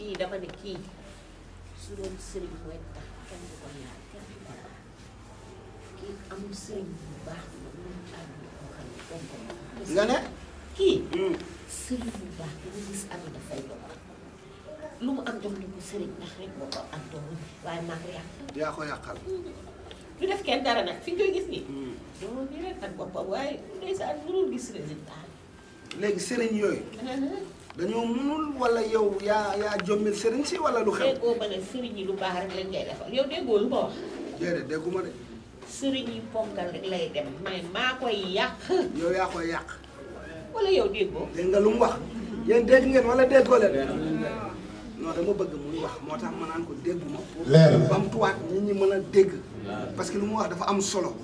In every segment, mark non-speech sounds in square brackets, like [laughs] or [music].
kii dama ne kii su doon sëriñ mooy tax kenn du ko ñaar kenn kii amul sëriñ bu baax nga ne kii. Hmm. sëriñ bu baax bi nga gis am dafay doon lu mu am jox na ko sëriñ ndax rek boo ko am doon waaye maa ko yàq. yaa ko yàqal. du def gis rek hmm. léegi sëriñ yooyu. dañoo munul wala yow yaa yaa jommil sëriñ si wala lu xew. déggoo ma ne sëriñ yi lu baax rek lañ koy defal yow déggoo lu ma wax. déedéet de. sëriñ yàq. yow yaa yàq. yow déggoo. dégg nga lu mu wax. yéen dégg ngeen wala déggoo leen. non dama bëgg muy wax moo tax man naan ko déggu ma. leer bamtuwaat nit ñi mën a dégg. parce que lu mu wax dafa am solo.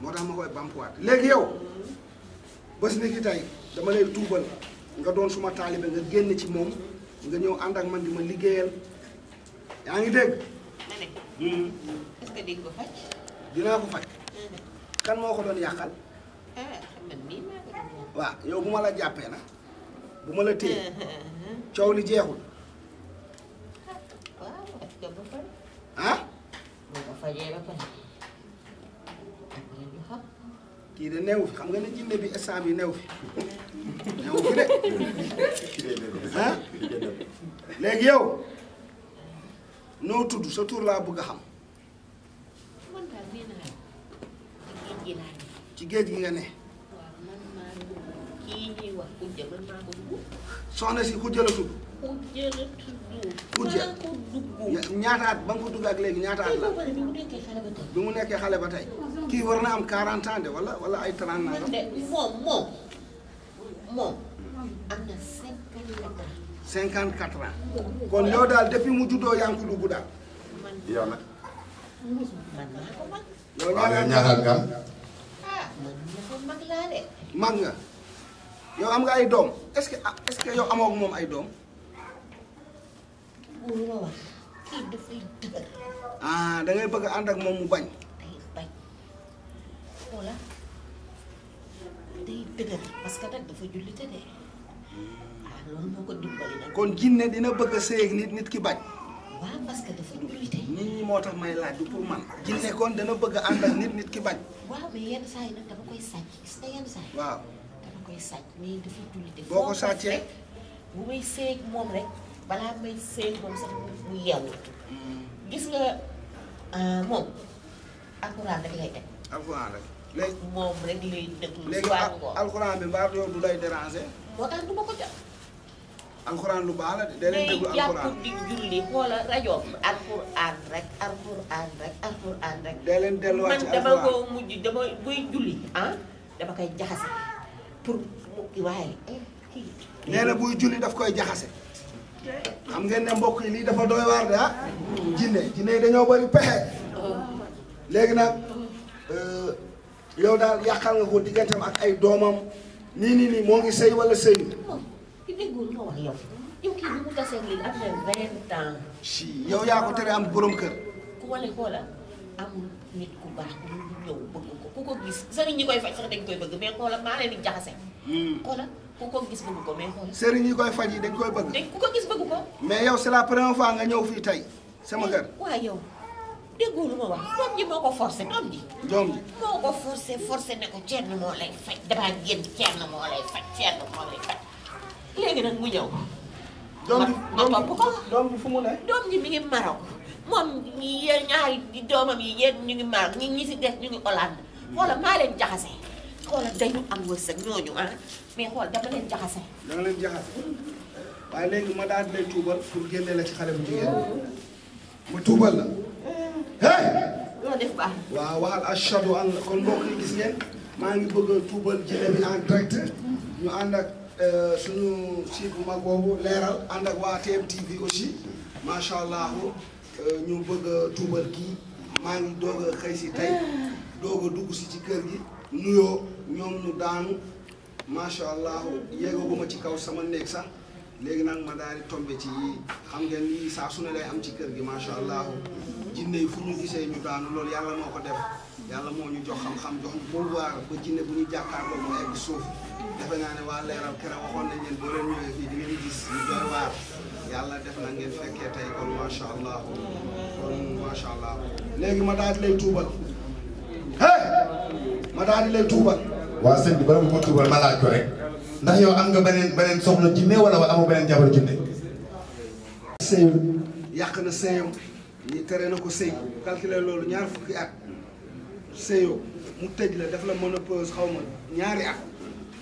moo tax ma koy bamtuwaat léegi yow bés ni ki tey dama lay tuubal. nga doon suma taalibe nga génn ci moom nga ñëw ànd ak man di ma liggéeyal yaa ngi dégg. Hmm. ko dinaa ko faj. Hmm. kan moo ko doon yàqal. ah waaw yow bu ma la jàppee na bu ma la téye [laughs] uh-huh. coow li jeexul. waaw ah? kii de neew fi xam nga ne jinne bi instant bi neew fi. [laughs] ñëw fi de léegi yow noo tudd sa tuur laa bugg a xam. ci géej gi nga ne. soxna si ku jëla tudd. Kujja ñaata at ba ko dugg ak léegi ñaata at la bi mu nekkee xale ba tey kii war na am 40 ans de wala wala ay 30 moom am na cinquante quatre kon yow daal depuis mu juddoo yaa ngi ko dugg daal. yow nag. yow ñaata am. Ah, mag nga yow am nga ay doom est que est-ce que yow amoo moom ay doom. ah bëgg ànd ak moom mu bañ. day dëgër parce que dafa jullite de waaw ah, loolu moo ko dimbali nag. kon jinne dina bëgg a nit nit ki bañ. waaw parce que dafa jullite. nit ñi moo tax may laaj du pour man. jinne kon dana bëgg a ànd nit nit ki bañ. waaw mais yenn saa yi nag dama koy sàcc gis nga yenn saa yi. waaw dama koy sàcc mais dafa jullite. boo ko sàccee bu may sëy ak moom rek balaa may sëy moom sax mu yeewu. Hmm. gis nga euh, moom alxuraan rek lay teg. alxuraan rek. léegi moom rek lay déglu. léegi alxuraan bi mbaa yow du lay déranger. moo tax du ko jot. alxuraan lu baax la de day leen déglu alxuraan mais delluwaat ci man dama ko mujj dama buy julli ah koy jaxase pour mu waaye eh, kii. nee na buy julli daf koy jaxase. xam ngeen ne mbokk yi lii dafa doy waar de ah. jinne jinne yi dañoo bëri pexe. Oh. léegi nag. Euh, yow daal yàqal nga ko digganteem ak ay doomam nii nii nii moo ngi sëy wala sëy. Oh, ki déggul nga wax yow. yow kii am na vingt ans. si yow yaa ko tere am borom kër. ku wane xoola amul nit ku baax ku ñëw bëgg ko ku ko gis sëriñ ñi koy faj sax dañ koy bëgg hmm. ku ko gis bëgg ko mais xoola. sëriñ ñi koy faj yi dañ koy bëgg. dañ ku gis bëgg ko. mais yow c'est la première fois nga ñëw fii tey sama kër. waaw yow. déggoo lu ma wax doom ji moo ko forcé doom ji. doom ji moo ko forcé forcé ne ko cenn moo lay faj damaa génn cenn moo lay faj cenn moo lay faj léegi nag mu ñëw. doom ji ma topp ko mu ne. doom ji mi ngi Maroc moom yéen ñaari doomam yi yéen ñu ngi Maroc ñi ñi si des ñu ngi Hollande xoolal maa leen jaxase. xoolal dañu am wërsëg ñooñu ah mais xool dama leen jaxase. da nga leen jaxase waaye léegi ma daal di lay tuubal pour génne la ci xale bu jigéen oh. ma tuubal la. hey. waaw waxal ashadu an kon mbokk yi gis ngeen maa ngi bëgg a tuubal jële bi en direct ñu ànd ak euh, suñu site bu mag boobu leeral ànd ak waa bi aussi macha allah euh, ñu bëgg a tuubal kii maa ngi doog a xëy si tey doog a dugg si ci kër gi nuyoo ñoom ñu daanu macha allah yéegaguma ci kaw sama néeg sax. léegi nag ma daal di tombé ci xam ngeen ni saa su ne day am ci kër gi macha allah jinne yi fu ñu gisee ñu daanu loolu yàlla moo ko def yàlla moo ñu jox xam-xam jox ñu pouvoir ba jinne bu ñu jàkkaarloo mu egg suuf defe naa ne waa leeral kere waxoon nañ leen boo di ngeen gis ñu doy waar yàlla def na fekkee tey kon macha allah kon macha allah léegi ma daal di lay tuubal hey ma daal di lay tuubal. waa sëñ bi bala ma ko tuubal ma laaj ko rek. ndax yow am nga beneen beneen soxna jinne wala wa amoo beneen jabaru jinne sëyam yàq na sëyam ñi tere na ko sëy calculer loolu ñaar fukki at sëyoo mu tëj la daf la ménopause xaw ma ñaari at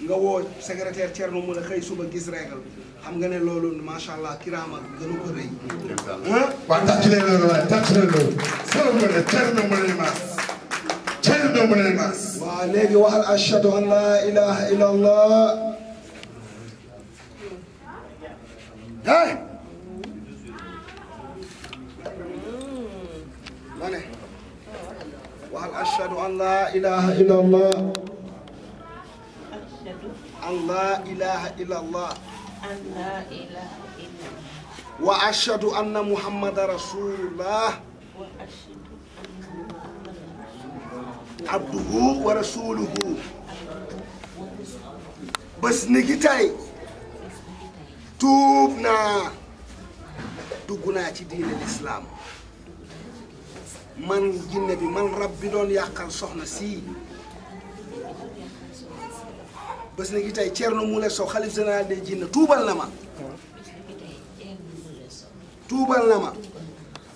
nga woo secrétaire Thierno mu la xëy suba gis régal xam nga ne loolu macha allah kiraama gënu ko rëy. waaw tàcc leen loolu waaye tàcc leen loolu. soo ko def Thierno Moule léegi waxal ashhadu an laa ilaaha illallah. hey ma ne waxal ashadu an laa ilaha illa allah an laa ilaha illa allah wa ashadu anna muhammada rasulullah abduhu wa rasuluhu bés ni gi tey tuub naa dugg naa ci diine lislaam man jinne bi man rab bi doon yàqal soxna sii bés na gi tey Thierno Moule Sow xalif général des jinne tuubal na ma tuubal na ma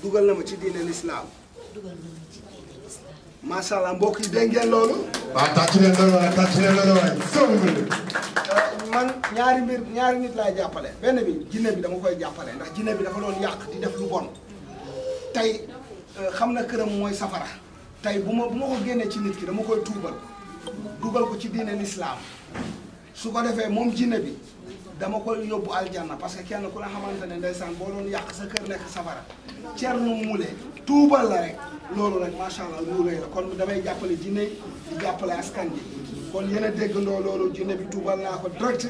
dugal na ma ci diine lislaam macha allah mbokk yi dégg ngeen loolu. waaw tàcc leen loolu waaye tàcc leen loolu waaye euh, man ñaari mbir ñaari nit laay jàppale benn bi jinne bi dama koy jàppale ndax jinne bi dafa loolu yàq di def lu bon tey euh, xam na këram mooy safara tey bu ma bu ma ko génnee ci nit ki dama koy tuubal dugal ko ci diine lislaam su ko defee moom jinne bi dama ko yóbbu aljanna parce que kenn ku la xamante ne ndeysaan boo doon yàq sa kër nekk safara Thierno Moule tuubal la rek loolu rek macha allah lu rëy kon damay jàppale jinne jàppale askan bi kon yéen a déggandoo loolu bi tuubal naa ko direct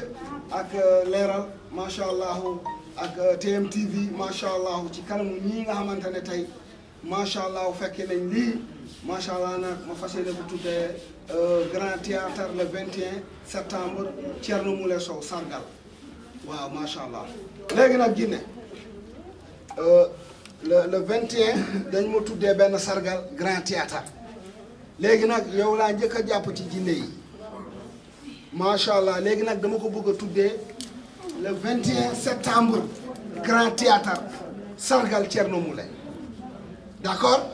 ak euh, leeral macha allah ak euh, TMTV macha allah ci kanamu ñii nga xamante ne tey macha allah fekkee nañ lii macha allah nag ma fas yéene bu tuddee euh, grand théâtre le 21 septembre Thierno Moule Sow sargal. waaw macha allah léegi nag Guinée euh, le le 21 dañ ma tuddee benn sargal grand théâtre léegi nag yow laa njëkk a jàpp ci Guinée yi macha allah léegi nag dama ko bëgg a tuddee le 21 septembre grand théâtre sargal Thierno Moule d'accord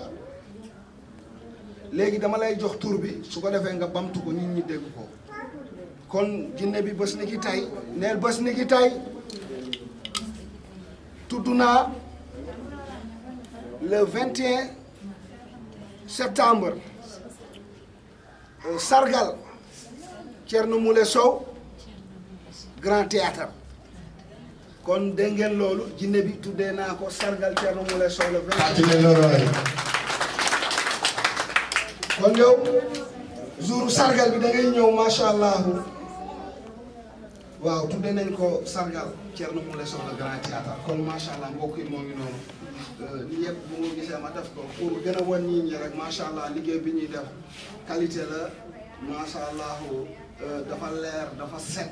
léegi dama lay jox tur bi su ko defee nga bamtu ko nit ñi dégg ko. kon jinne bi bés ni ki tey neel bés ni ki tey tudd naa le 21 septembre euh, sargal Thierno Moule Sow Grand Théâtre kon dégg ngeen loolu jinne bi tuddee naa ko sargal Thierno Moule Sow le 21 kon yow jour sargal bi da ngay ñëw macha allah. waaw tuddee nañ ko sargal Thierno Moule Sow le grand théâtre kon macha allah mbokk yi moo ngi noonu euh, li yëpp bu ma gisee ma def ko pour gën a wan nit ñi rek macha allah liggéey bi ñuy def qualité la macha allah euh, dafa leer dafa set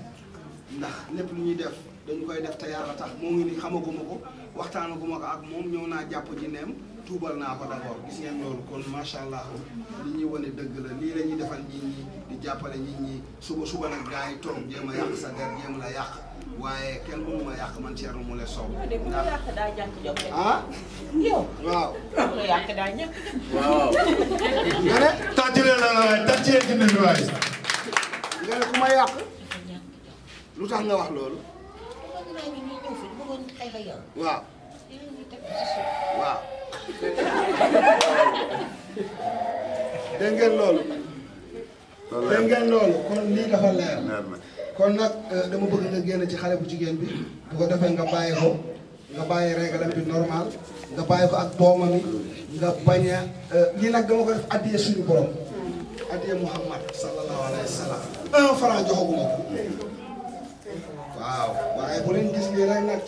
ndax lépp lu ñuy def dañu koy def te yàlla tax moo ngi ni xamaguma ko waxtaanaguma ko ak moom ñëw naa jàpp ji neem tuubal naa ko la gis ngeen loolu kon macha allah li ñuy wane dëgg la lii lañuy defal nit di jàppale nit ñi suba suba nag gars yi toog jéem a yàq sa der jéem waaye kenn mënu ma yàq man Thierno Moule Sow. ndax yàq daa ah? ñàkk la la la waay tàccalee dina bi waay. nga ku ma yàq. lu tax nga wax loolu. waaw. waaw. [laughs] dégg loolu ngeen loolu kon lii dafa leer. kon nag euh, dama bëgg nga génn ci xale bu jigéen bi. bu ko defee nga bàyyi ko nga bàyyi régalam bi normal nga bàyyi ko ak doomam yi nga bañ a euh, lii nag dama ko def addiya suñu borom. addiya Muhammad sallallahu bu leen gis lii rek nag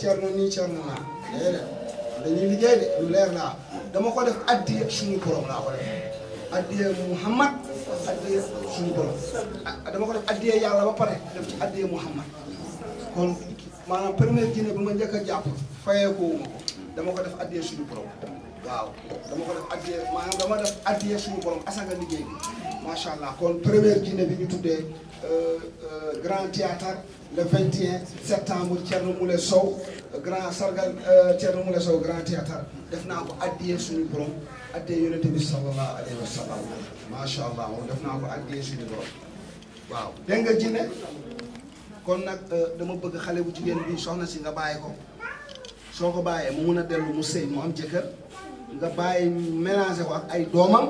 dañuy liggéey laa dama ko def addiya suñu borom laa ko def addiya Muhammad addiya ah, suñu borom dama ko def addiya yàlla ba pare def ci addiya Muhammad kon maanaam première jinne bu ma njëkk a jàpp fayeekoowuma ko dama ko def addiya suñu borom waaw dama ko def addiya maanaam dama def addiya suñu borom asaka liggéey bi macha allah kon première jinne bi ñu tuddee euh, euh, grand théâtre le 21 septembre Thierno Moule Sow grand sargal euh, Thierno Moule Sow grand théâtre def naa ko addiyee suñu borom addiyee yonente bi sallallahu alayhi wa sallam macha allah moom def naa ko addiyee suñu borom waaw dégg nga jinne kon nag euh, dama bëgg xale bu jigéen bi soxna si nga bàyyi ko soo ko bàyyee mu mun a dellu mu sëy mu am jëkkër nga bàyyi mélangé ko ak ay doomam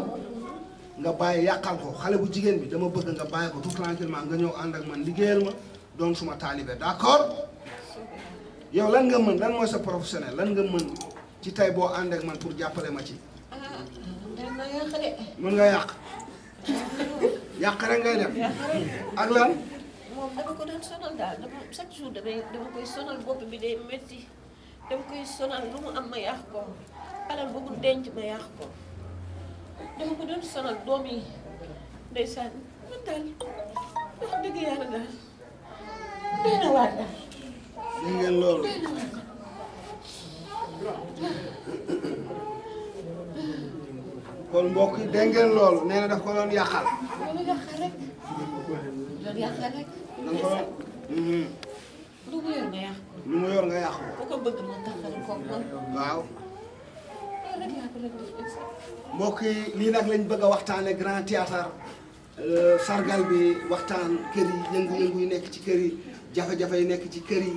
nga bàyyi yàqal ko xale bu jigéen bi dama bëgg nga bàyyi ko tout tranquillement nga ñëw ànd ak man liggéeyal ma doon suma taalibe d'accord yow lan nga mën lan mooy sa professionnel lan nga mën ci tey boo ànd ak man pour jàppale ma ci. mën nga yàq. yàq rek ngay def ak lan. moom dama ko doon sonal daal dama chaque jour damay dama koy sonal bopp bi day métti dama koy sonal lu mu am ma yàq ko alal bu mu denc ma yàq ko dama ko doon sonal doom yi ndeysaan man daal wax dëgg yàlla daal. dégg na waat daal. dégg ngeen loolu. kon mbokk yi loolu nee na daf ko doon yàqal. loolu yàqal mhm. yor nga yàq. waaw. mbokk yi lii nag lañ bëgg a waxtaane grand théâtre euh, sargal bi waxtaan kër yi yëngu-yëngu yi nekk ci kër yi jafe-jafe yi nekk ci kër yi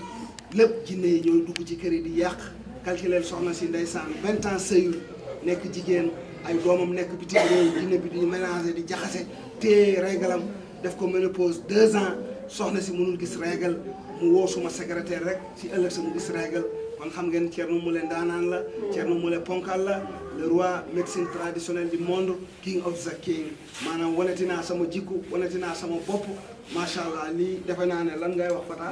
lépp jinne yi ñooy dugg ci kër yi di yàq calculer soxna si ndeysaan vingt ans sëyul nekk jigéen ay doomam nekk bitim réew jinne bi di mélanger di jaxase te régalam def ko pose deux ans soxna si mënul gis régal mu woo suma secrétaire rek si ëllëg sa mu gis régal man xam ngeen mu leen ndaanaan la Thierno Moule ponkal la le roi médecine traditionnelle du monde king of the king maanaam wanati naa sama jikku wanati naa sama bopp macha allah nii defe naa ne lan ngay wax Fata.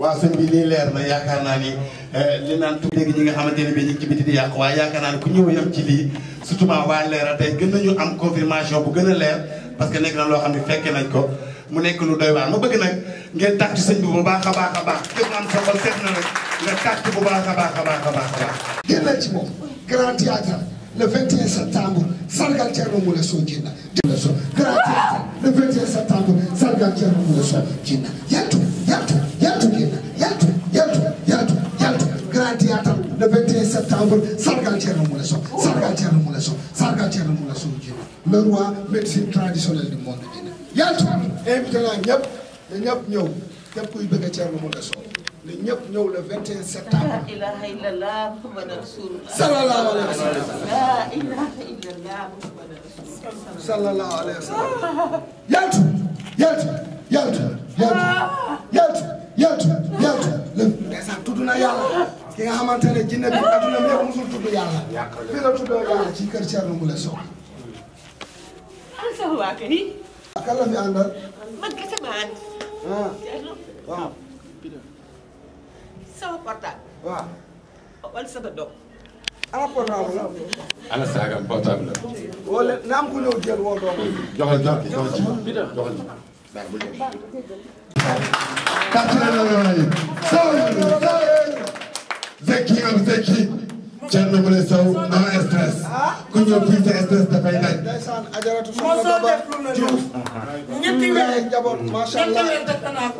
waaw sëñ bi lii leer na yaakaar naa ni eh, li naan tuuti léegi ñi nga xamante ne bii ñu ngi ci biti di yàq waaye yaakaar naa ni ku ñëw yam ci lii surtout waa leeral tey gën nañu am confirmation bu gën a leer parce que nekk na loo xam ne fekke nañ ko mu nekk lu doy waar ma bëgg nag ngeen tàcc sëñ bi bu baax a baax a baax képp am a baax a baax a baax a baax. génnal ci moom grand théâtre le 21 septembre sargal Thierno Moule Sow Djinna Moule Sow grand théâtre le 21 septembre sargal Thierno Moule Sow Djinna yaltu yaltu yaltu Djinna yaltu yaltu yaltu yaltu grand théâtre le 21 septembre sargal Thierno Moule Sow sargal Thierno Moule Sow sargal Thierno Moule Sow Djinna le roi médecine traditionnelle du monde Djinna yaltu invité naa ñëpp ñëpp ñëw ñëpp kuy bëgg a Thierno Moule Sow ne ñëpp ñëw le 21 septembre. laa ilaha illallah muhammadur rasulullah. sallallahu alayhi wa sallam. laa ilaha illallah muhammadur rasulullah. sallallahu alayhi wa sallam. yaltu yaltu yaltu yaltu yaltu yaltu yaltu. ndeysaan tudd na yàlla. ki nga xamante ne jinne bi adduna bi yëpp musul tudd yàlla. fi la tuddoo yàlla ci kër Thierno Moule Sow. alhamdulilah. ak kan la fi àndal. man kese ma ànd. Ah. waaw. sama portable. waaw. a sama doom. ama portable la. ana saagam portable la. wala na am ku ñëw jël woo doom. joxe joxe joxe ci joxe ci. kàttan la loolu la yëg. sawee sawee. zeki am zeki. Thierno Moule Sow non stress ku ñëw fii sa stress dafay dañ. mosoo def lu la ñu. ñetti weer njaboot macha allah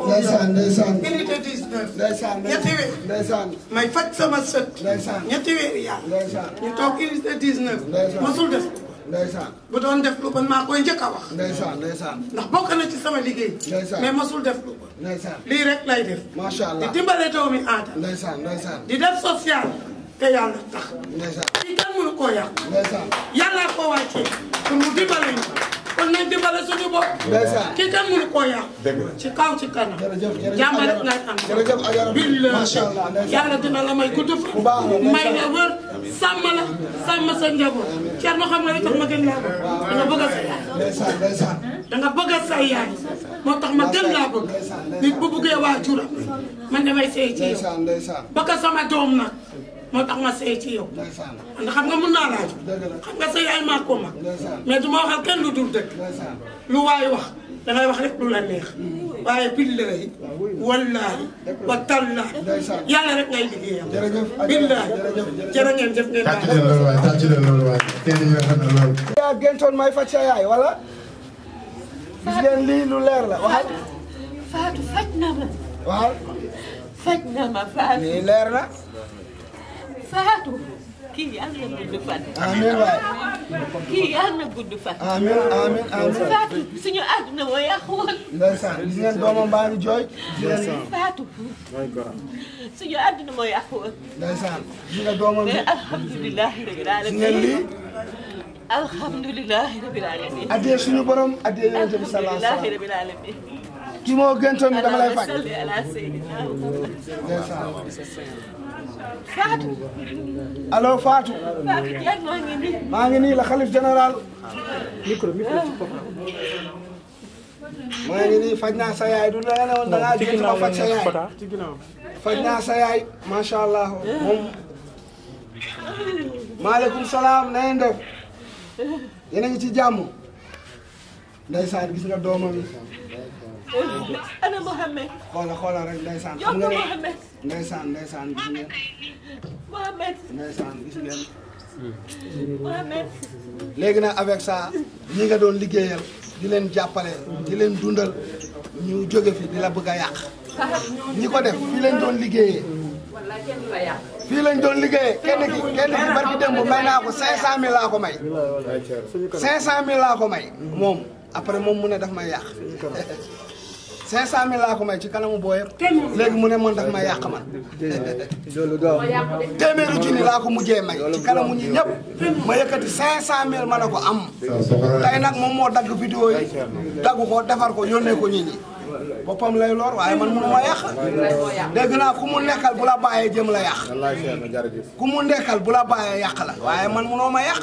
ndeysaan ndeysaan unité 19. ndeysaan ñetti weer. ndeysaan may faj sama sët. ndeysaan ñetti weer yàlla. ndeysaan ñu toog unité 19. ndeysaan mosul def. ndeysaan bu doon def lu bon maa koy njëkk a wax. ndeysaan ndeysaan ndax bokk na ci sama liggéey. ndeysaan mais mosul def lu bon. ndeysaan lii rek lay def. macha allah di dimbale doomi aada. ndeysaan ndeysaan di def te yàlla tax ci kenn mënu koo yàq yàllaa ko wàccee a mu dimbale ñu kon nañ dimbale suñu ki kenn mënu koo yàq ci kaw ci kanam jàmm rek ngay am billahi yàlla dina la may gudd may la wër sàmm la sàmm sa njaboot ceer ma xam ne li tax ma gën laa bëgg danga bëgg a sa yaay danga bëgg a sa yaay moo tax ma gën laa bëgg nit bu bëggee waajuram man damay sey ci yow bëgg doom nag moo tax ma sëy ci yow. ndax xam nga mun naa laaj. xam nga sa yaay maa ko mag. mais du ma waxal kenn lu dul dëkk. lu waay wax dangay wax rek lu la neex. waaye billaahi wallaahi wa tallaahi yàlla rek ngay liggéeyam. billaahi jërë ngeen jëf ngeen. tàcc leen loolu waay tàcc leen loolu waay kenn ñu xam ne loolu. yaa gëntoon may faj sa yaay wala. gis ngeen lii lu leer la waxal. Fatou faj na ma. waaw. faj na ma Fatou. lii leer na. Fatou kii yàlla na gudd fan. amiin waay. kii yàlla na gudd fan. amiin amiin amiin. Fatou suñu àdduna wa yàqu woon. ndeysaan gis ngeen doomam baa ngi jooy. ndeysaan Fatou. suñu àdduna moo yàqu woon. ndeysaan gis nga doomam bi mais alhamdulilah rabbil alamin. ngeen lii. alhamdulilah rabbil alamin. adee suñu borom adee yonent bi sallallahu alayhi wa sallam. ki moo gëntoon dama lay faj. ndeysaan. Fatou. allo Fatou. maa ngi nii. maa la xalif général. micro micro maa ngi nii faj naa sa yaay du la ne woon da ngaa jiitu ma faj faj naa sa yaay macha allah moom. salaam na ngeen def. yéen a ngi ci jàmm. ndeysaan gis nga ana Mouhamed. xoola xoola rek ndeysaan. xam nga ne ndeysaan ndeysaan gis ngeen. Mouhamed ndeysaan gis ngeen. léegi nag avec sa ñi nga doon liggéeyal di leen jàppale di leen dundal ñu jóge fi di la bëgg a yàq. ñi ko def fii lañ doon liggéeyee. wala kenn la yàq. fii lañ doon liggéeyee kenn ki kenn ki barki démb may naa ko 500000 laa ko may. 500000 laa ko may. moom après moom mu ne def may yàq. cinq cent mille laa ko may ci kanamu boo léegi mu ne man daf ma yàq man [laughs] téeméeri junni laa ko mujjee may ci kanamu ñi ñëpp ma yëkkati cinq cent mille man ne ko am tey nag moom moo dagg vidéo yi dagg ko defar ko yónnee ko ñi ñi boppam lay loor waaye man mënu ma yàq dégg naa ku mu nekkal bu la bàyyee jëm la yàq ku mu nekkal bu la bàyyee yàq la waaye man mënoo ma yàq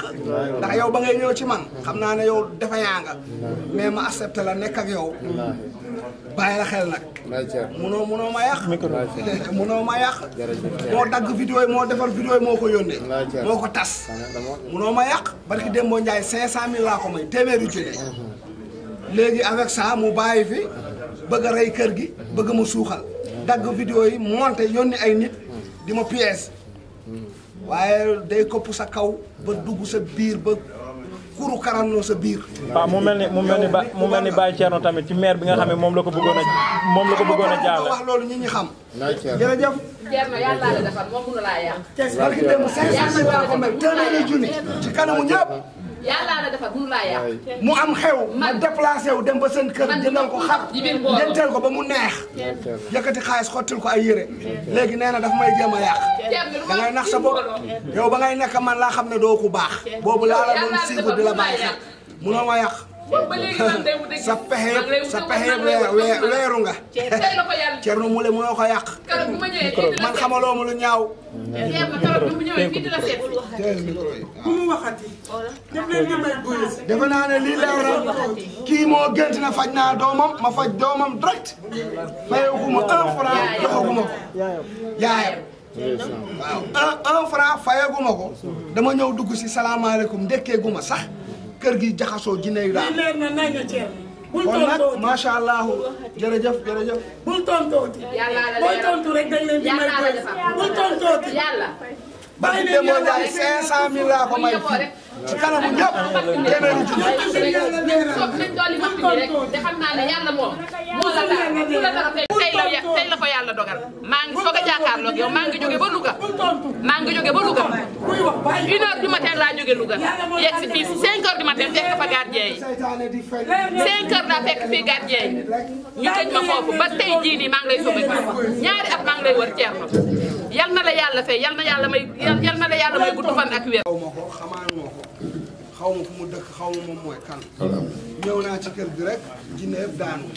ndax yow ba ngay ñëw ci man xam naa ne yow dafa yaa nga mais ma accepté la nekk ak yow bàyyi la xel nag. munoo munoo ma yàq. [laughs] munoo ma yàq. moo dagg vidéo yi moo defar vidéo yi moo ko yónnee. moo ko tas. munoo ma yàq. barki Demba Ndiaye mil laa ko may téeméeri junni. léegi avec ça mu bàyyi fi bëgg a rey kër gi bëgg ma suuxal. dagg vidéo yi monté yónni ay nit. di ma pièce. waaye day kopp sa kaw ba dugg sa biir ba. kuru karanoo sa biir. waaw mu mel ni mu mel ni ba mu mel ni Baye Thierno tamit ci maire bi nga xam moom la ko bëggoon a moom la ko bëggoon a jaarale. wax loolu ñi ñi xam. jërëjëf. Thierno yàlla la defal moom mënu laa yàq. tey barki ci kanamu ñëpp. yàlla la defar bu laa mu am xew ma déplacé wu dem ba seen kër jëndal ko xar jënteel ko ba mu neex yëkkati xaalis xottil ko ay yére léegi nee na daf may jéem a yàq da ngay nax sa bopp yow ba ngay nekk man laa xam ne doo ku baax boobu laa la doon siibu di la bàyyi xel mënoo ma yàq sa pexe sa pexe weeru nga. Thierno Moule moo ko yàq. man xamaloo ma lu ñaaw. bu mu waxati. defe naa ne lii leer na kii moo gënt na faj naa doomam ma faj doomam direct. fayeeku ma un franc joxagu ma ko. yaayam. waaw un un franc fayeeku ko. dama ñëw dugg si salaamaaleykum ndekkeegu ma sax. kër gi jaxasoo jinne yu daal. leer na nañ na ceeb. bul tontooti kon nag macha allah jërëjëf jërëjëf. bul tontooti. yàllaa la booy tontu rek dañ leen di may bul tontooti. yàlla. bàyyi leen yàlla bàyyi 500000 laa ko may fii ci kanamu ñëpp. téeméeri junni. bul tontooti. tey la tey ko yàlla dogal maa ngi soog a jàkkaarloog yow maa ngi jóge ba Louga maa ngi jóge ba laa jóge Louga yegg si fii cinq heures du matin fekk fekk fii gardien yi ñu tëj ma foofu ba tey jii nii maa ngi lay soog a ñaari at maa ngi lay wër ceerno yal na la yàlla fay yal na yàlla may yal na la yàlla may gudd fan ak wér. xaw ma ko xamaan moo ko xaw ma fu mu dëkk xaw ma moom mooy kan. ñëw naa ci kër gi rek jinne yëpp daanu.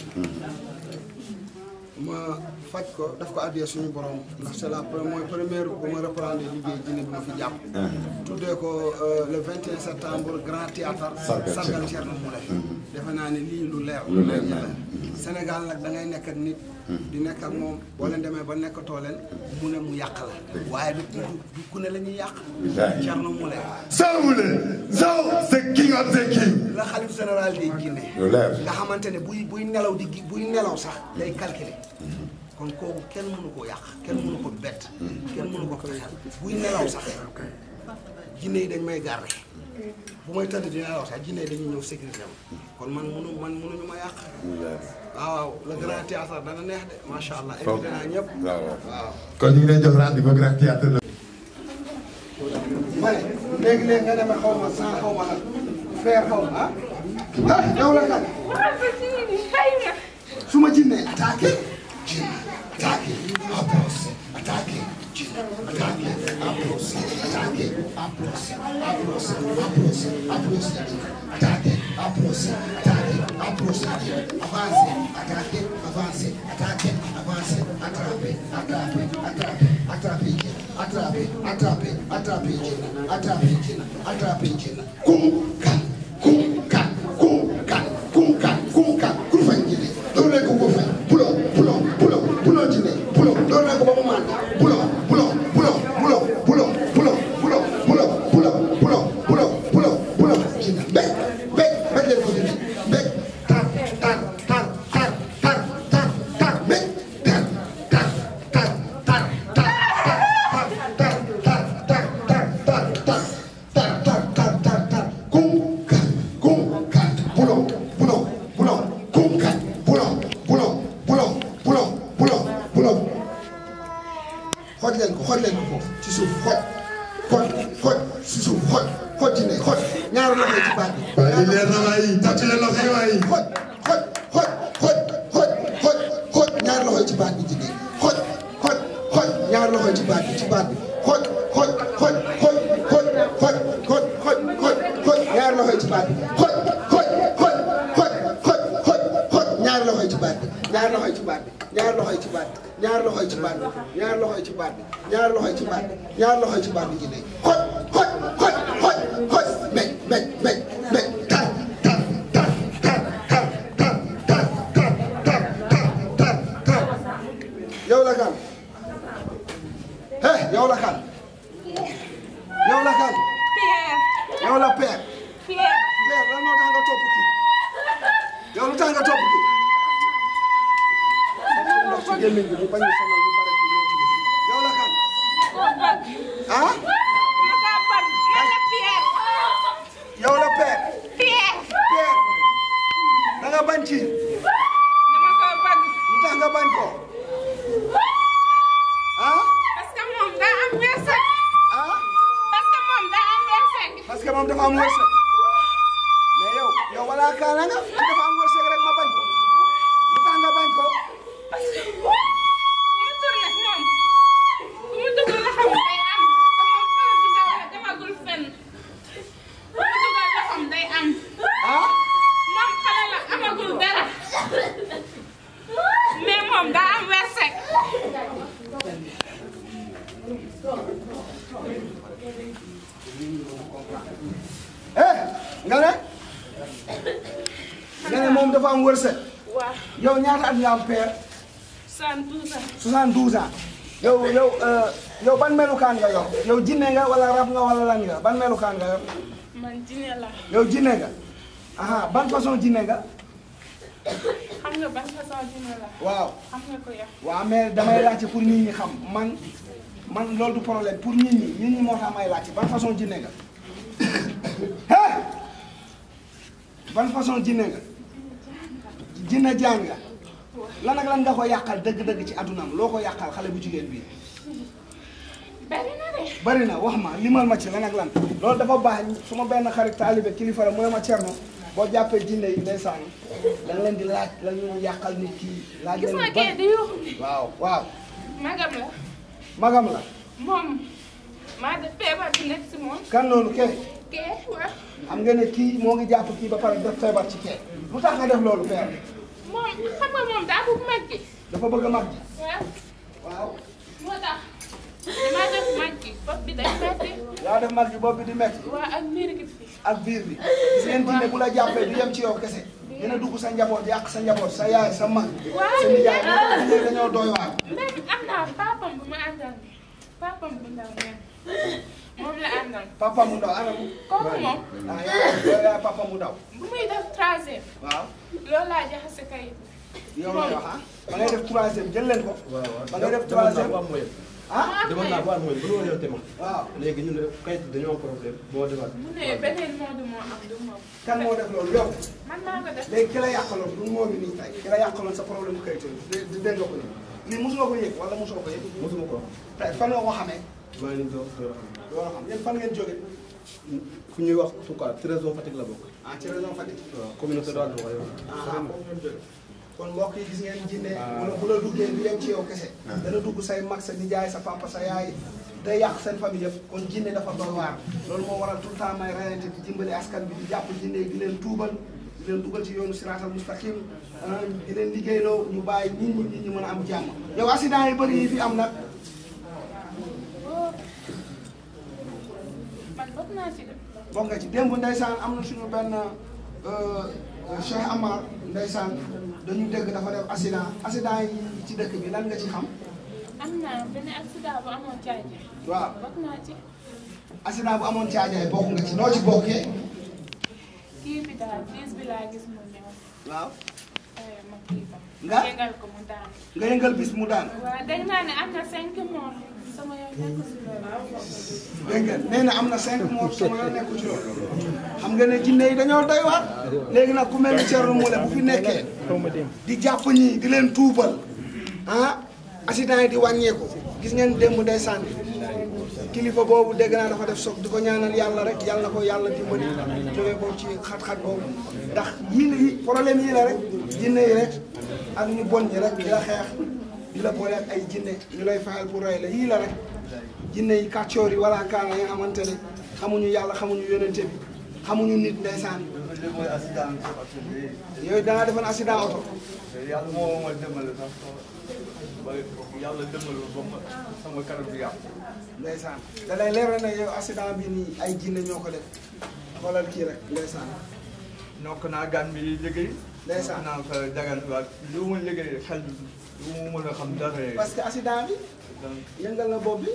ma faj ko def ko addee suñu borom ndax c'est la mooy première bu ma reprendre liggéey jinne bi ma fi jàpp mm-hmm. tuddee ko euh, le 21 septembre grand théâtre sargal Thierno Moule mm-hmm. defe naa ne lii lu leer lu leer la da ngay nekk ak mm-hmm. ak moom boo leen demee ba nekkatoo leen mu ne mu yàq la waaye du du ku ne la ñuy yàq Thierno Moule Sow Moule Sow the king of the king nga xamante ne buy buy nelaw di buy nelaw sax day calculer kon kooku kenn mënu ko yàq kenn mënu ko ko fexeel buy nelaw sax jinne yi dañ may garde bu may tëdd di nelaw sax jinne yi dañuy ñëw sécurité ma kon man mënu man mënuñu ma yàq waaw le grand théâtre dana neex de macha allah invité naa ñëpp waaw waaw kon ñu ngi jox rendez-vous grand théâtre la ma léegi-léegi nga demee xaw ma sans xaw ma nag fee xaw ma ah, ah yow la kan su ma jinnee attaqué attacking Apros, attacking attacking Apros, attacking Apros, Apros, Apros, Apros, attacking Apros, attacking Apros, avance, attacking, avance, attacking, avance, attrape, attrape, attrape, attrape, attrape, attrape, attrape, attrape, attrape, attrape, attrape, nga am père. 72 ans yow yow euh, yow ban melukaan nga yor yow jinne nga wala rab nga wala lan nga ban melukaan nga yor. yow jinne nga aha ban façon jinne nga. xam nga waaw ko waaw mais damay laajte pour nit ñi xam man man loolu du problème pour nit ñi nit ñi moo may laajte ban façon jinne nga. [coughs] ban façon jinne nga. jinne jàng lan ak lan nga ko yàqal dëgg-dëgg ci addunaam loo ko yàqal xale bu jigéen bii. bari na de. wax ma limal ma ci lan ak lan loolu dafa baax su ma benn xarit taalibe kilifa la ma Thierno boo jàppee jinne yi ndeysaan da nga leen di laaj la ñu yàqal nit ki. laaj leen di gis di waaw waaw. magam la. magam la. moom kan loolu kee. nga ne kii moo ngi jàpp kii ba pare def feebar ci kee. lu tax nga def loolu feebar. moom xam nga moom daa bëgg Macky. dafa bëgg Macky. waaw. waaw. moo tax def Macky bi day bopp bi di metti. waaw ak biir gi. ak biir bi. seen dine bu la jàppee du yem ci yow kese. dina dugg sa njaboot yàq sa njaboot sa yaay sa mag. waaw sa nijaay dañoo doy waar. moom la àndal. papa mu ndaw ana mu. kooku moom. Ah, papa mu ndaw. bu muy def troisième. waaw. loolu laa jaxase kayit. yow la wax ah. ba ngay def troisième jël leen ko. waaw waaw ba ngay def troisième ah demoon naa bu am mooy bu ñu woon tamit. waaw léegi ñun de kayit dañoo am problème boo defaat. bu ne beneen monde moo am du moom. kan def loolu yow. man maa ko def léegi ki la yàqaloon du moom mi nii tey sa problème kayit yi dégg nga ko nii lii mosuma ko yëg wala mosoo ko yëg. mosuma ko wax tey fan nga ko maa ngi doon door a xam. door kon mbokk yi gis ngeen jinne. Ah. waaw bu la duggee du yem ci yow kese. Ah. dana dugg say mag sa nijaay sa papa sa yaay. day yàq seen famille yëpp kon jinne dafa doy loolu moo waral tout le may rayante di dimbali askan bi di jàpp jinne di leen tuubal. di leen dugal ci yoonu siraatal mustaqim ah, di leen liggéeyloo ñu bàyyi nit ñi nit mën a am jàmm yow accident bëri fi am nag bokk naa ci de. nga ci démb ndeysaan am na suñu benn euh, euh, Cheikh Amar ndeysaan dañu dégg dafa def accident accident yi ci dëkk bi lan nga ci xam. am na benn accident bu amoon caajaay. waaw bokk ci. accident bu amoon caajaay bokk nga ci noo ci bokkee. kii bi daal diis bi laa gis mu ñëw. waaw. Eh, nga yëngal ko mu daan. dégg ngeen nee na am na cinq mois sama yoon nekku ci loolu xam nga ne jinne yi dañoo doy waar léegi nag ku mel ni Thierno Moule bu fi nekkee di jàpp ñii di leen tuubal ah accident yi di wàññeeku gis ngeen démb day sànni kilifa boobu dégg naa dafa def soog di ko ñaanal yàlla rek yàlla na ko yàlla dimbali jógee ko ci xat-xat boobu ndax yi problème yi la rek jinne yi rek ak ñu bon ñi rek di la xeex di la boole ak ay jinne ñu lay fayal pour rey la yii la rek jinne yi kàccoor yi wala kaana yi nga xamuñu yàlla xamuñu yonente bi xamuñu nit ndeysaan yi yooyu dangaa defoon accident oto yàlla moo ma dëmale sax ba yàlla dëmale ba ma sama kanam bi yàqu ndeysaan da lay bi nii ay jinne ñoo ko def xoolal kii rek ndeysaan nokk naa gan bi liggéey ndeysaan naa fa dagan waa lu ma liggéey xel bi lu mu mën a xam dara parce que accident bi. yëngal na bopp bi.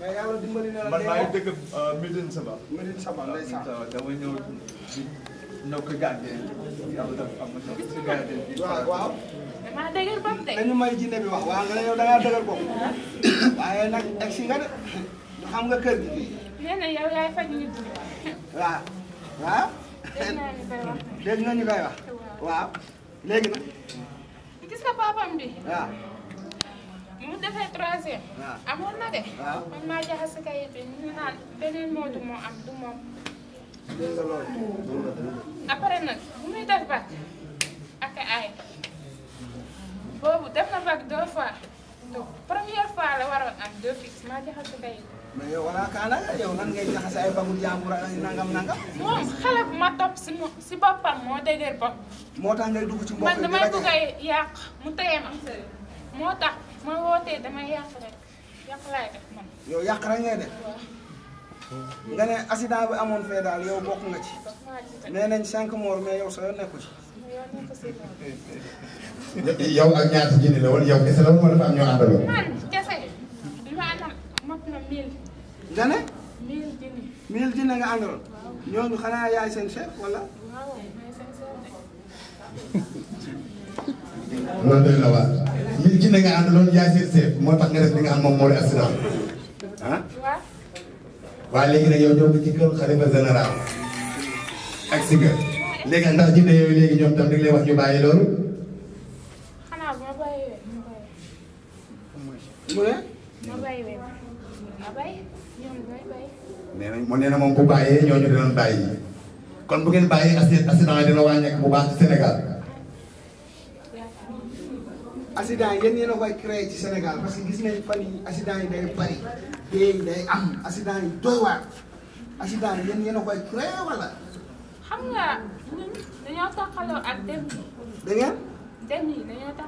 mais yàlla dimbali na la. man maa ngi dëkk euh, Médine Saba. Médine Saba lay saa dama ñëw di ñëw ko gardien yàlla dafa am ma ñëw si gardien bi. waaw waaw. damaa dëgër bopp de. dañu may jinne bi wax waaw nga ne yow da ngaa dëgër bopp waaye nag egg si nga de ñu xam nga kër gi. nee na yow yaay faj nit ñi. waaw waaw. dégg naa ñu koy wax. dégg naa ñu koy wax waaw léegi nag. gis nga papaam bi. waaw. Ah. bi mu defee troisième. Ah. na de. waaw ah. man maa jaxase kayit bi ñu naan beneen moodu moo am du moom. après nag bu muy def bac ak ay boobu def na bac deux fois première fois la waroon am deux fix maa jaxase kayit. mais yow wala kaala yow nan ngay jaxase ay bagul jàmbur ay nangam nangam. moom xale bu ma topp si si boppam moo dëgër bopp. moo tax ngay dugg ci mbokk man damay bëgg a yàq mu téye ma. moo tax ma wootee damay yàq rek nga ne accident bi amoon fee daal yow bokk nga ci. nee nañ cinq morts mais yow sa yoon nekku ci. yow [laughs] ak ñaata jinne la wala yow kese la wala dafa am ñoo àndaloon. nga ne. mille dina nga àndal ñooñu xanaa yaay seen chef wala. [laughs] loolu doy na waar mille dina nga àndaloon yaay seen chef moo tax nga def nga xam moo di accident ah. waaw léegi nag yow ñoo ngi ci kër xalifa ak si léegi ndax jinne yooyu léegi ñoom tam dañ lay wax ñu bàyyi loolu. mu ne. nee nañ mu nee na moom ku bàyyee ñooñu dinañ bàyyi kon bu ngeen bàyyi accident yi dina wàññeeku bu baax ci Sénégal. accident yéen yéen a koy créé ci Sénégal parce que gis nañ fan yi accident yi day bari dee yi day am accident yi doy waar accident yi yéen yéen koy créé wala. xam nga dem yi dañoo da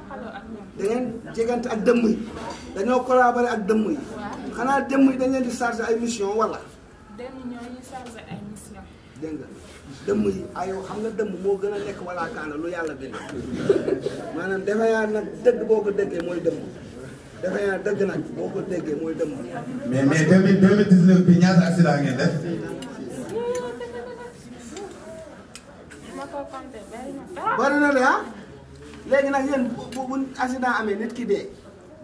ngeen jegante ak dëmm yi dañoo collaborer ak dëmm yi. xanaa dëmm yi dañ leen di chargé ay mission wala. dëmm ñoo ñu chargé dëmm yi ayoo xam nga dëmm moo gën a nekk wala kaana lu yàlla bind. maanaam defe nag dëgg boo ko déggee mooy dëmm defe naa dëgg nag boo ko déggee mooy dëmm. mais mais deux mille deux mille de ah. léegi nag yéen bu bu accident amee nit ki dee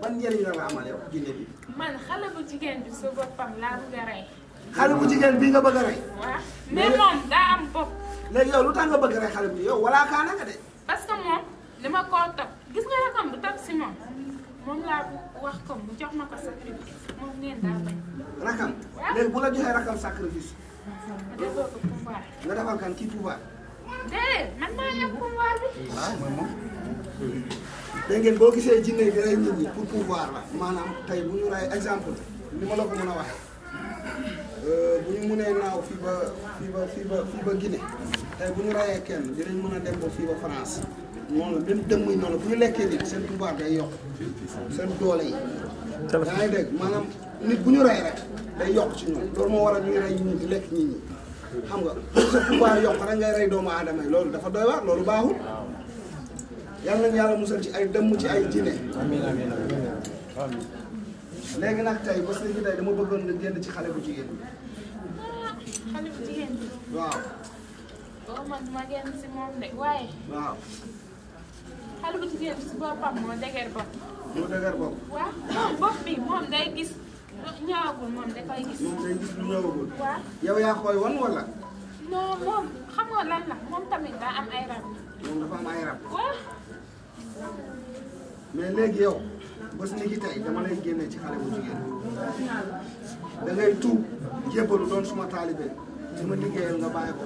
ban njëriñ la nga amal yow bi. man xale bu jigéen bi su boppam laa bëgg a rey. jigéen bii nga bëgg a rey. waaw mais moom daa am bopp. léegi yow lu tax nga bëgg a rey xale bi yow wala kaana nga de. parce que moom dama koo topp gis nga rakam bu topp si moom moom laa wax ko mu jox ma ko sacrifice moom neen daa bañ. rakam léegi bu la joxee rakam sacrifice. ma defal kan kii pouvoir. déedéet man maa nekk pouvoir bi. waaw ah, mooy dégg ngeen boo gisee jinne yi rey pour pouvoir la maanaam tey bu ñu rey exemple li ma la mën a waxee euh, bu ñu mënee naaw fii ba fii ba fii bu ñu reyee kenn dinañ mën a dem ba fii ba France noonu la benn dëmm bu ñu lekkee nit seen pouvoir day yokk seen doole yi. yaa ngi dégg maanaam nit bu ñu rey rek day yokk ci ñoom loolu moo waral ñuy rey nit ñi lekk nit ñi xam nga sa pouvoir yokk rek ngay rey doomu aadama yi loolu dafa doy waar loolu baaxul. yàlla nañu yàlla musal ci ay dëmm ci ay jinne amiin amiin léegi nag tey bés ni ki tey dama bëggoon nga génn ci xale bu jigéen bi xale bu jigéen bi waaw boo man ma génn si moom de waaye waaw xale bu jigéen bi si boppam moo dëgër bopp moo dëgër bopp waaw bopp bi moom day gis lu ñaawagul moom da gis moom day gis lu ñaawagul yaa koy wan wala non moom xam nga lan moom tamit daa am ay rab moom dafa am ay rab waaw mais léegi yow bés ni ki tey dama lay génne ci xale bu jigéen da ngay tuub suma taalibe su ma liggéeyal nga bàyyi ko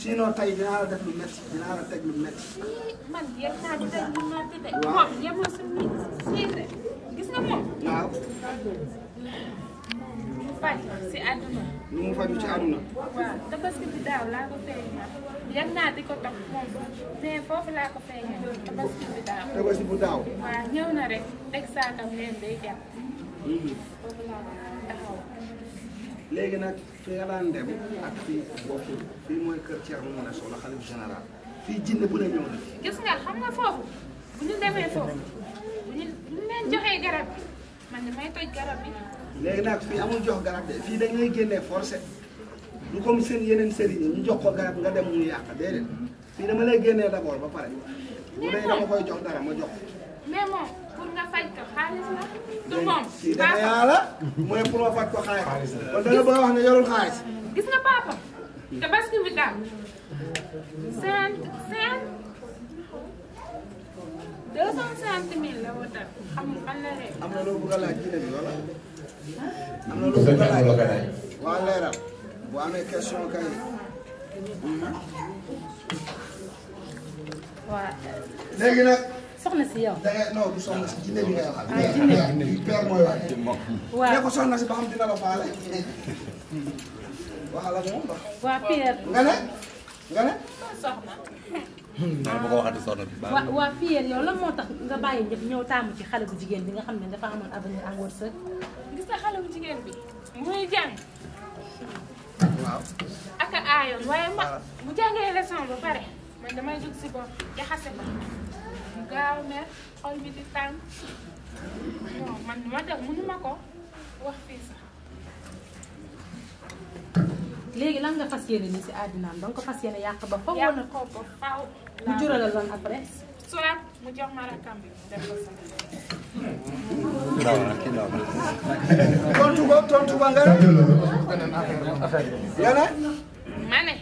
sinon tey dinaa la def lu métti dinaa la teg lu métti. man yéen naa di teg lu métti a suñu gis nga faj si àdduna. lu mu faju ci àdduna. waaw tabaski bi daaw laa ko feeñal yàgg naa di ko topp moom mais foofu laa ko feeñal tabaski bi daaw. tabaski bu daaw. waaw ñëw na rek teg saakam leen day mhm. foofu léegi nag fi nga ak fii mooy kër Thierno Moule Sow la xalif général fii jinne bu ne ñëw na. gis nga xam nga foofu bu ñu demee foofu bu ñu leen joxee garab bi man damay toj garab bi. léegi nag fii amul jox garab de fii dañ lay génnee forcé du comme seen yeneen sëriñ yi ñu jox ko garab nga dem ñu yàq déedéet fii dama lay génnee d'abord ba pare bu dee dama koy jox dara ma jox mais moom nga faj ko xaalis la. du moom kii dama yàlla. mooy pour ma faj ko xaalis. nga bëgg a wax ne yorul xaalis. gis nga papa. te bascule bi daal. cinquante cinquante. a laaj wala. bu fekkee amul la ko laaj. waaw leeral bu amee question kay. waaw. léegi nag. soxna si yow. da ngay non du soxna si jinne bi ngay wax. ah jinne bi père mooy wax. waaw ne ko soxna si ba xam dina la faale. waxal ak moom ba. waaw Pierre. nga ne nga ne. soxna. waaw ma ko waxati soxna bi. waaw waaw Pierre yow lan moo tax nga bàyyi ñëpp ñëw taamu ci xale bu jigéen bi nga xam ne dafa amoon avenir ak wërsëg. gis nga xale bu jigéen bi muy jàng ak a aayoon waaye ma bu jàngee leçon ba pare man damay jóg si bopp jaxase ko mu gaaw mer xol bi di tàng ma def mënuma ko wax fii léegi lan nga fas yéene nii si àddinaam danga ko fas yéene yàq ba faw wala ko ba faw mu jural lan après soit mu jox ma rakam bi mu def ko sax. tontu ko tontu ba nga. yàlla. ma ne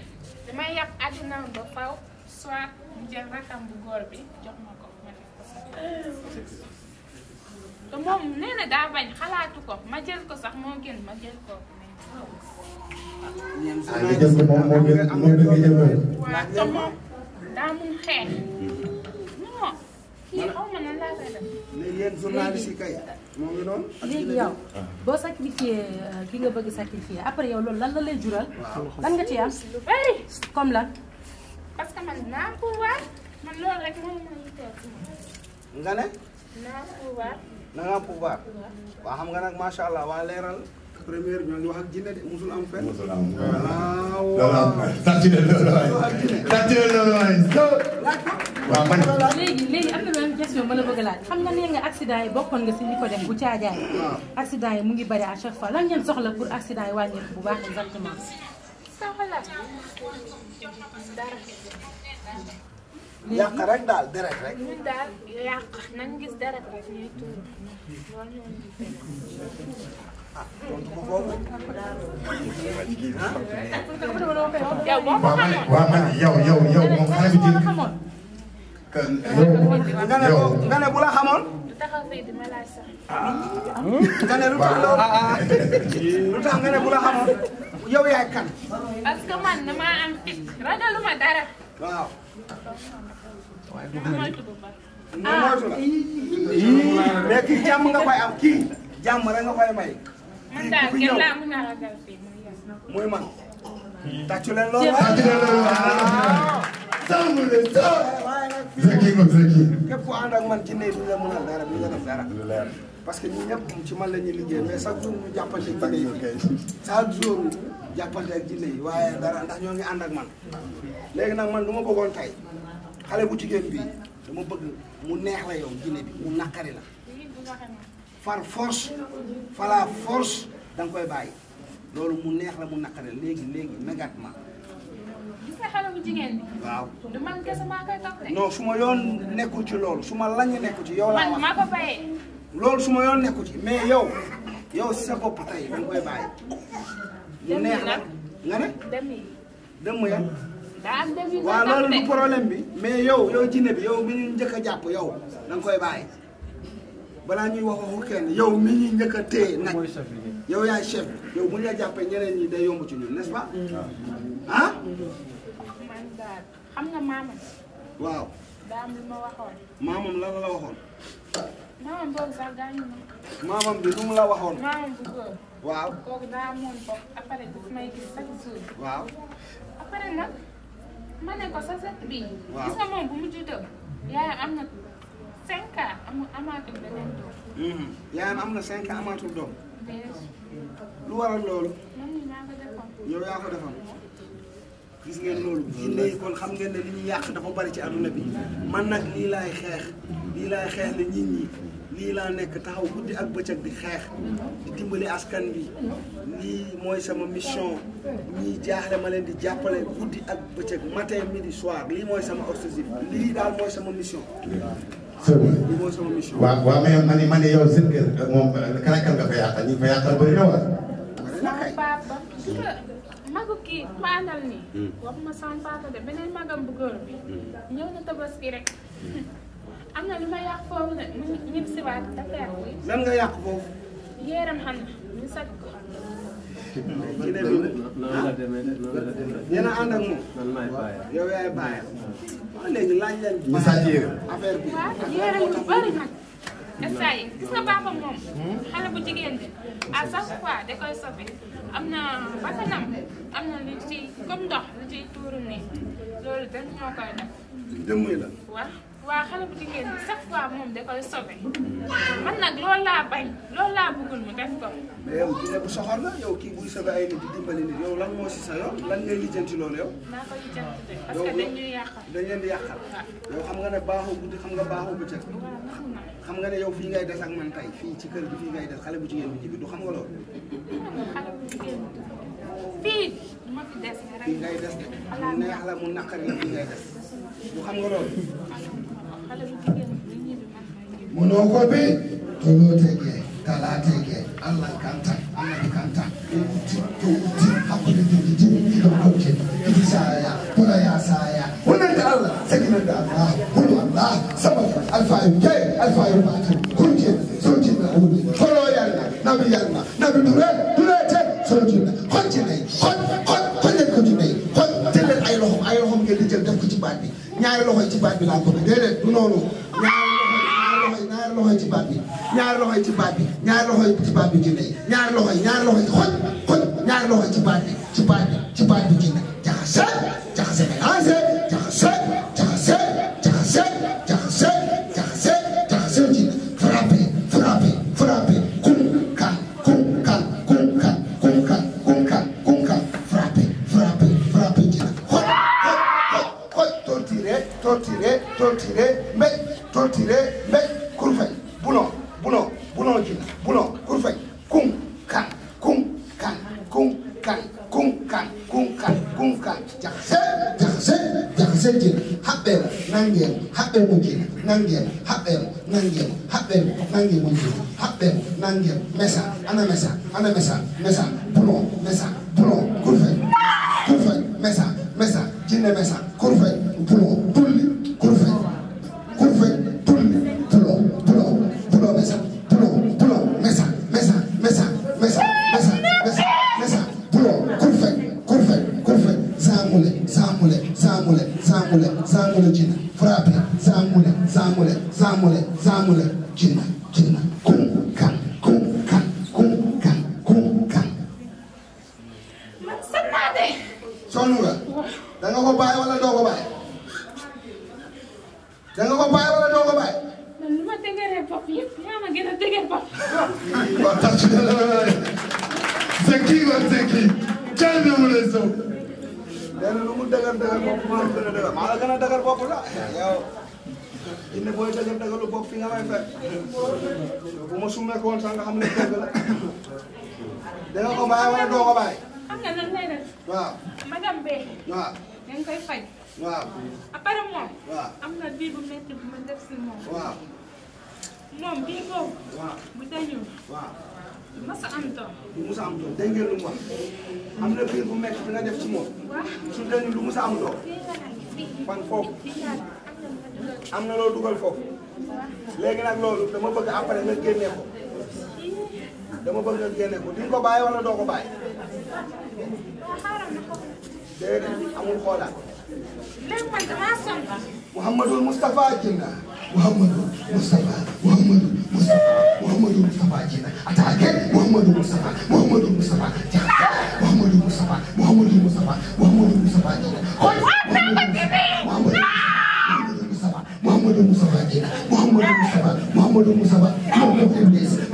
damay yàq àddina ba faw soit mu jël rakam bu góor bi jox ma ko ma def ko sax. te moom nee na daa bañ xalaatu ko ma jël ko sax moo gën ma jël ko. ah li jël ko moom moo gën moo gën nga jël ko. waaw te moom daa mun xeex. léegi yéen si yi kay moo ngi noonu. léegi yow ah. boo sacrifié euh, ki nga bëgg sacrifié après yow loolu lan la la jural. lan nga ci am lu bari. comme lan. parce nga ne. naa am pouvoir. na xam nga nag macha waa leeral. première man. léegi am na benn question ma bëgg a laaj xam nga nee nga accident yi bokkoon nga si ñi ko def bu caajaay. waaw yi mu ngi bari à chaque fois lan ngeen soxla pour accident yi wàññeeku bu baax exactement. soxla dara. yàq rek daal deret rek. ñun daal yàq nañ gis deret rek ñuy tontu ko foofu. waaw man waaw man yow yow yow moom xale bi jël. yow nga ne bu la xamoon. nga ne lu tax loolu lu tax nga ne bu la xamoon yow yaay kan. parce que man dama am fit ragaluma dara. waaw. moom mooy su la. mais kii jàmm nga koy am kii jàmm rek nga koy may. man daal kenn laa mën a ragal fii mooy man. tàccu leen lool tàccu leen lool waaw. sàmm de sàmm. képp ku ànd ak man ci néeg bi la mën a dara bi la def dara. parce que ñun ñëpp ci man la ñuy liggéey mais chaque jour ñu jàppante ak jinne yi chaque jour jàppante ak jinne yi waaye dara ndax ñoo ngi ànd ak man léegi nag man lu ma bëggoon tey xale bu jigéen bi dama bëgg mu neex la yow jinne bi mu naqari la far force fala force da koy bàyyi loolu mu neex la mu naqare léegi léegi mégatement. gis nga xale bu jigéen bi. su ma yoon nekkul ci loolu su ma lañ nekkul ci yow. laa wax loolu su ma yoon nekkul ci mais yow yow si sa bopp tey da koy bàyyi. mu neex la nga ne. dem yi dem ya. daa dem waaw loolu du problème bi. mais yow yow jinne bi yow mi ñu njëkk a jàpp yow da koy bàyyi. balaa ñuy wax waxu kenn yow mi ñuy njëkk a téye nag yow yaay chef bi yow bu ñu la day yomb ci ñun n'est-ce pas mm. ah. ah? am lu ma waxoon maamam lan la waxoon maamam boobu bi lu mu la waxoon maamam bu góor waaw kooku daa amoon bopp après daf may gis chaque bi gis mu juddoo yaayam am na cinq ans amul amaatul mhm. am na cinq ans amaatul doom. lu waral loolu. yow yaa ko defal. gis ngeen loolu. jinne kon xam ngeen ne li ñu yàq dafa bari ci ànduna bi. man nag lii laay xeex. lii laay xeex la nit ñi. lii laa nekk taxaw guddi ak bëccëg di xeex di dimbali askan bi lii mooy sama mission ñii jaaxle ma leen di jàppale guddi ak bëccëg matin midi soir lii mooy sama objectif lii daal mooy sama mission sër waaw waaw mais man ma ne yow seen kër moom kan ak kan nga fa yaatal ñu fa yaatal bëri na wala. sama papa gis nga magu kii ma àndal nii. Hmm. waxuma sama papa de beneen magam bu góor bi. Hmm. ñëw na tabaski rek. Hmm. am na lu ma yàq foofu nag ñib si waat dafa yàq. lan nga yàq foofu. yeeram xam na ñu saj ko. ci dem yi noonu la demee noonu la demee yéen a ànd ak moom man maay bàyyi yow yaay bàyyi waaw léegi laaj leen message affaire bi waaw yéeral yu bëri nag essay gis nga papa moom xale bu jigéen bi am na bakkanam am na lu ci comme ndox lu ciy tuuru nii loolu dañ ñoo koy def jëmm yi la waa xale bu jigéen bi chaque fois moom da koy sobe man nag loolu laa bañ loolu laa bëggul mu def ko. mais yow kii ne bu soxor la yow kii buy sobe ay nit di dimbali nit yow lan moo si sa yoon lan ngay lijjanti loolu yow. naa ko leen di yàqal yow xam nga ne baaxoo guddi xam nga baaxoo bëccëg. xam nga ne yow fii ngay des ak man tey fii ci kër gi fii ngay des xale bu jigéen bi jibi du xam nga loolu. xale bu jigéen fii fii ngay des de mu neex la mu naqari fii ngay des du xam nga lool munoo ko bi toloo tegee talaa tegee allah kanta allah kanta uti to uti hakkude jindi jini ɗiɗo hawke ɗiɗi saya tolaya saya wonande allah saginande allah hulu allah sabata alfayu jey alfayu matan kuntin sotinna awdi toloyanna nabi yanna nabi dure dure ten sotinna honcinayi hon hon honnen ko junayi hon tellen ayrohom ayrohom gelli jel def ko ci baɗɗi ñaari loxo yi ci baat bi laa ko ne déedéet du noonu ñaari loxo yi ci baat bi ñaari loxo yi ci baat bi ñaari loxo yi ci baat bi génne ñaari loxo yi ñaari loxo yi xoj xoj ñaari loxo yi ci baat bi ci baat bi ci baat bi génne jaxase jaxase mélangé nangiem haɓɓen nangiem wonti haɓɓen nangiem mesa ana mesa ana mesa mesa sonn nga da nga ko bàyyi wala doo ko bàyyi da nga ko bàyyi wala doo ko bàyyi. man lu ma dëgëree bopp yëpp yaa ma gën a dëgër bopp. waaw [laughs] tàcc na la zeki la zeki jaay na mu lay sow. lenn lu mu dëgër dëgër bopp maa gën a dëgër maa la gën a dëgër bopp la yow. indi booy dëgër dëgëru bopp fi nga may fekk bu ma sumee ko woon sax nga xam ne dëgg la [laughs] da nga ko bàyyi wala doo ko bàyyi. xam nga nan lay def. waaw magam bee. waaw dañ koy faj. waaw après moom. waaw am na biir bu métti bu ma def si moom. waaw moom biir boobu. waaw bu dañul. waaw du mos a am doom. du mos a am doom dégg ngeen lu mu wax am na biir bu métti bi nga def si moom. waaw su dañul du mos a am doom. fan foofu. am na loo dugal foofu. léegi nag loolu dama bëgg après nga génne ko. dama bëgg nga génne ko di nga ko bàyyi wala doo ko bàyyi. déedéet amul xoolaat. léegi man damaa sonn. Mouhamadul Moustapha Jinna. Mouhamadul Moustapha. Mouhamadul Moustapha. Mouhamadul Moustapha Jinna. attaqué Mouhamadul Moustapha. Mouhamadul Moustapha. jaxase Mouhamadul Moustapha. Mouhamadul Moustapha. Mouhamadul Moustapha Jinna. xool Mouhamadul Moustapha. Mouhamadul Moustapha Jinna. Mouhamadul Moustapha. Mouhamadul Moustapha.